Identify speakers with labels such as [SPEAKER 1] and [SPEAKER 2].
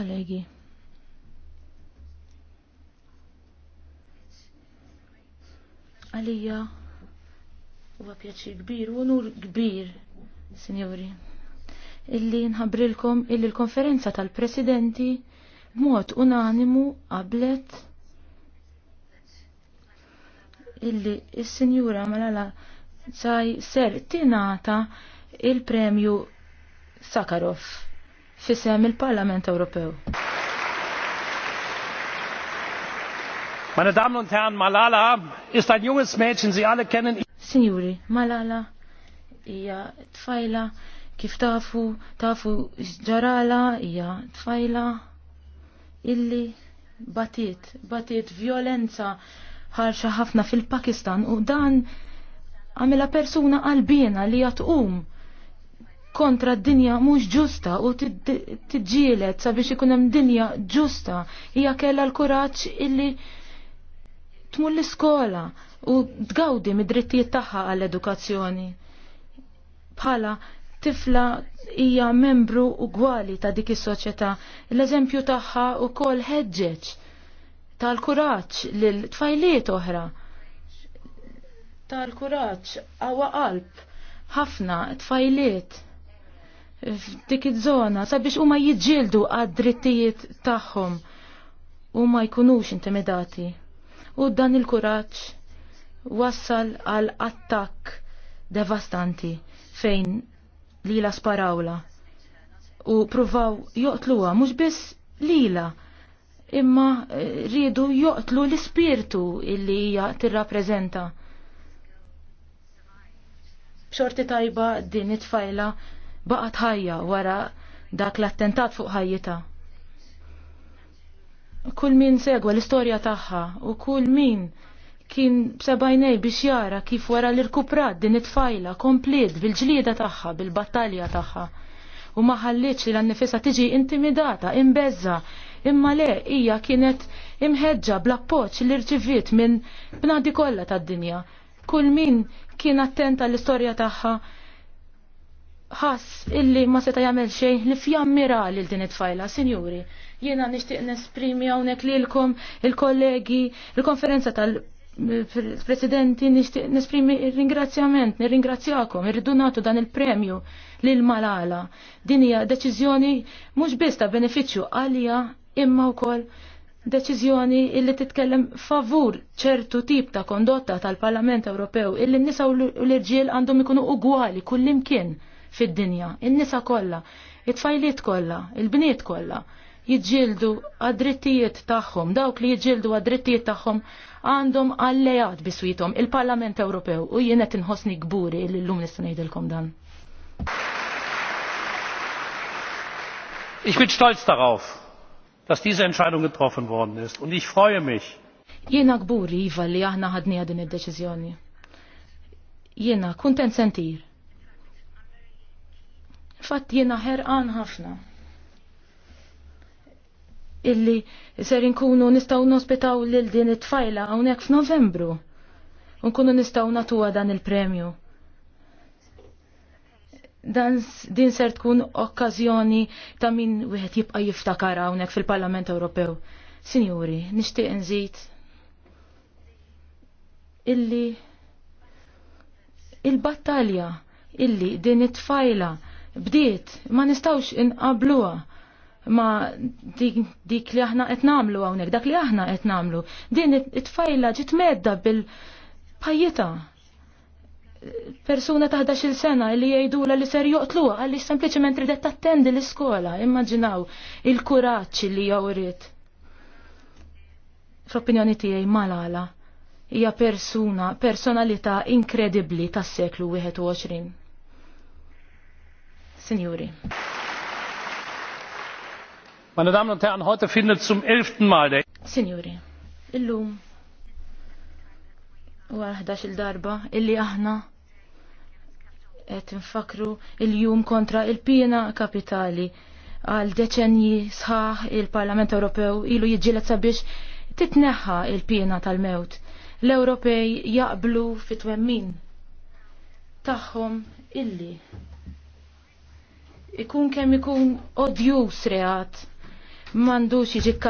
[SPEAKER 1] Kollegi. Għalija huwa għapjaċi kbir u nur kbir, sinjuri, illi nħabrilkom illi l-konferenza tal-presidenti mod unanimu qablet illi il sinjura malala saj ser tinata il-premju Sakharov. Fissem il-Parlament Ewropew. Meine Damen und Herren, Malala ist ein junges Mädchen, Sie alle kennen Signori, Malala hija tfajla kif tafu, tafu ġarala hija tfajla illi batiet, batiet violenza ħarxa ħafna fil-Pakistan u dan għamela persuna qalbina li jatqum kontra d-dinja mhux ġusta u tiġġielet sabiex ikun hemm dinja ġusta hija kellha l-kuraġġ illi tmur l-iskola u tgawdi mid-drittijiet tagħha għall-edukazzjoni. Bħala tifla hija membru ugwali ta' dik is-soċjetà. L-eżempju tagħha wkoll ħeġġeġ tal-kuraġġ lil tfajliet oħra. Tal-kuraġġ awa qalb ħafna tfajliet f'dik iż-żona sabiex huma jiġġieldu għad-drittijiet tagħhom u ma jkunux intimidati. U dan il-kuraġġ wassal għal attakk devastanti fejn lila sparawla u pruvaw joqtluha mhux biss lila imma eh, rridu joqtlu l-ispirtu illi hija tirrappreżenta. B'xorti tajba din it-tfajla Baqat ħajja wara dak l-attentat fuq ħajjita. Kull min segwa l-istorja tagħha u kull min kien b'sebajnej biex jara kif wara li rkuprat din it-tfajla komplet bil-ġlieda tagħha, bil-battalja tagħha. U ma ħallitx li l-annifisa tiġi intimidata, imbezza, imma le hija kienet imħeġġa bl-appoċ li rċiviet minn bnadi kollha tad-dinja. Kull min kien attenta l istorja tagħha ħass illi ma seta jagħmel xejn li fjammira lil din it-tfajla, sinjuri. Jiena nixtieq nesprimi hawnhekk lilkom il-kollegi, il-konferenza tal-presidenti nixtieq nesprimi ringrazzjament, nirringrazzjakom, irridu nagħtu dan il-premju lil Malala. Din hija deċiżjoni mhux biss ta' benefiċċju għalija imma wkoll deċiżjoni illi titkellem favur ċertu tip ta' kondotta tal-Parlament Ewropew illi n-nisa u l-irġiel għandhom ikunu ugwali kullimkien fid-dinja, in-nisa kollha, it-tfajliet kollha, il-bniet kollha jiġġieldu għad-drittijiet tagħhom, dawk li jiġġildu għad-drittijiet tagħhom għandhom alleat biswitom il-Parlament Ewropew u jiena tinħossni gburi li llum nista' ngħidilkom dan. Ich bin stolz darauf, dass diese Entscheidung getroffen worden ist und ich freue mich. Jiena gburi iva li aħna ħadnija din id-deċiżjoni. Jiena kuntent sentir Fatt jiena ħerqan ħafna. Illi ser inkunu nistgħu nospitaw lil din it-tfajla hawnhekk f'Novembru. Unkunu nistgħu natuha dan il-premju. Dan din ser tkun okkażjoni ta' min wieħed jibqa' jiftakar hawnhekk fil-Parlament Ewropew. Sinjuri, nixtieq nżid illi il-battalja illi din it-tfajla bdiet, ma nistawx inqabluha ma dik, dik li aħna qed nagħmlu hawnhekk, dak li aħna qed nagħmlu. Din it-tfajla ġiet medda bil-pajjita. Persuna ta' 11 sena li jgħidula li ser joqtluha għalli sempliċement ridet tattendi l-iskola. Immaġinaw il-kuraġġ li jawrit. Fl-opinjoni tiegħi malala hija persuna, personalità inkredibbli tas-seklu 21. Signori. Meine Damen und Herren, heute findet zum elften Mal der Signori, illum u għahdax il-darba illi aħna qed infakru il-jum kontra il-pina kapitali għal deċenji sħaħ il-Parlament Ewropew ilu jiġġieled sabiex titneħħa il-pina tal-mewt. L-Ewropej jaqblu fit-twemmin tagħhom illi ikun kemm ikun odjus reat m'għandux jiġi